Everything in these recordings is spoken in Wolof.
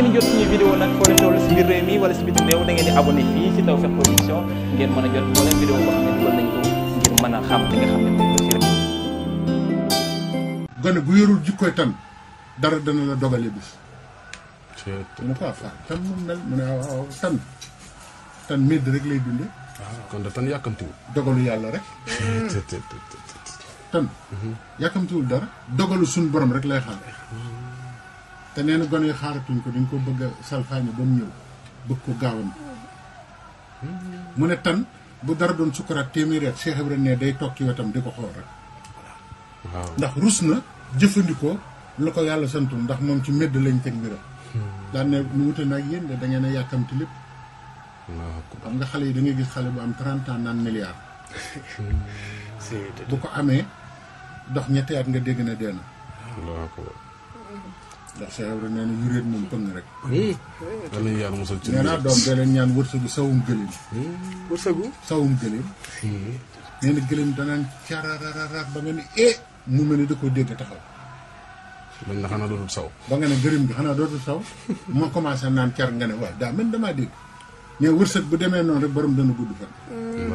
ngeen jot suñu vidéo nag foo leen toll si biir da ngeen di abonné fii a bu yorul jikkooy tan dara dana la dogalee bis. te ah, tan moom nag mu ne waaw tan tan medd rek lay dunde ah, kon da tan yàkkamtiwul. yàlla rek. tan. yàkkamtiwul dara. dogalu suñu borom rek lay xaar. te nee gone yi xaaratuñ ko duñ ko bëgg a salfaañe ba mu ñëw bëgg ko gaawam mu ne tan bu dara doon sukkuraat téeméer at Cheikh Ibrahima ne day toog ci wetam di ko xool rek. ndax rus na jëfandikoo la ko yàlla santul ndax moom ci medd lañ teg mbiram. Hmm. daan ne mu wute nag ak yéen da ngeen a yàkkamti lépp. xam nga xale yi da gis xale bu am 30 ans naan hmm. bu ko amee dox ñetti nga dégg na dee na. Cheikh Cheikh Ibrahima nee na moom pëng rek. amiin yàlla mosal ci nee naa doom da leen ñaan wërsëgu sawum gëlim. wërsëgu sawum gëlim. nee na gëlim danaan carararaar ba nga ne eh mu mel ni da koo dégg taxaw. mel na xanaa dootul saw. ba nga ne gëlim bi xanaa dootul saw. moo commencé naan car nga ne waaye daa mel damaa dégg. ne wërsëg bu demee noonu rek borom dana gudd fan. nee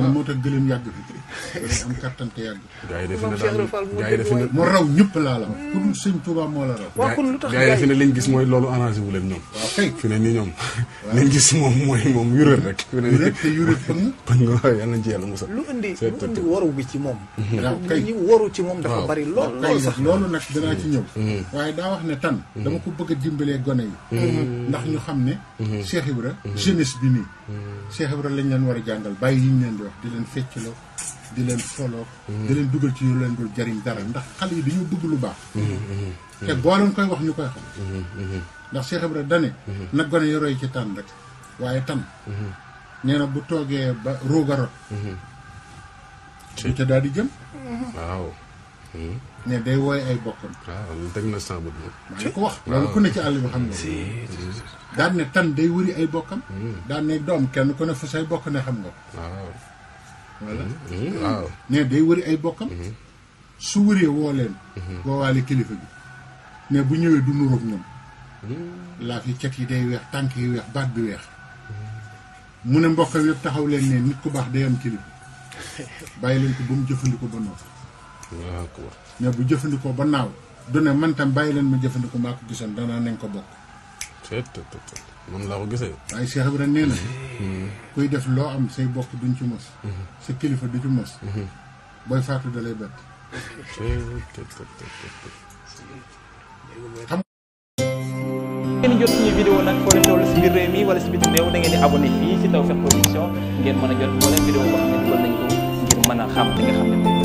na moo ah. tax gëleem yàgg fi am kattan te yàgg. gaa yi na daal moo raw ñëpp laa la wax. Mm. ku dul sëñ Touba moo la raw. waaw kon gis mooy loolu arrangé wu leen ñoom. waaw kay gis moom mooy moom yuréel rek. yuréel te yuréel pëng. pëng waaw yal nañ ci lu indi lu indi waru bi ci moom. Mm-hmm. waaw kay ñu waru ci moom dafa bari. lool lool sax loolu nag danaa ci ñëw. Mm-hmm. waaye daa wax ne tan dama ko bëgg a dimbalee gone yi. Mm-hmm. ndax ñu xam ne Cheikh Ibra jeunesse bi nii. Hmm. Cheikh Ibrahima lañ leen war a jàngal bàyyi yi ñu leen di wax di leen feccloo di leen foloo. Hmm. di leen dugal ci yu leen dul jariñ dara ndax xale yi dañoo bëgg lu baax. Hmm, te boo koy wax ñu koy xam. ndax Cheikh Ibrahima dane nag gone yi roy ci tànn rek waaye tam. nee na bu toogee ba roog a rot. su ca daal di jëm. waaw. ne day wooy ay bokkam. waaw loolu teg na sama ko wax loolu ne ci àll bi xam nga. si daan ne tan day wëri ay bokkam. Hmm. daan ne doom kenn ko ne fu say bokk ne xam nga. waaw. voilà. Hmm, hmm, waaw ne day wëri ay bokkam. su wëree woo leen. woowaale kilifa bi. ne bu ñëwee du nuróog ñoom. laaf yi cet yi day weex tànk yi weex baat bi weex. mu ne mbokkam yëpp taxaw leen ne nit ku baax day am kilifa bàyyi leen ko ba mu jëfandikoo ba noppi. waaw bu jëfandikoo ba naaw du man tam bàyyi leen ma jëfandikoo maa ko gisoon danaa nañ ko bokk. te te te laa ko gisee. waaye Cheikh Ibra nee na. Hmm. kuy def loo am say bokk duñ ci mos. Hmm. si kilifa du ci mos. Hmm. booy faatu da lay bett. te te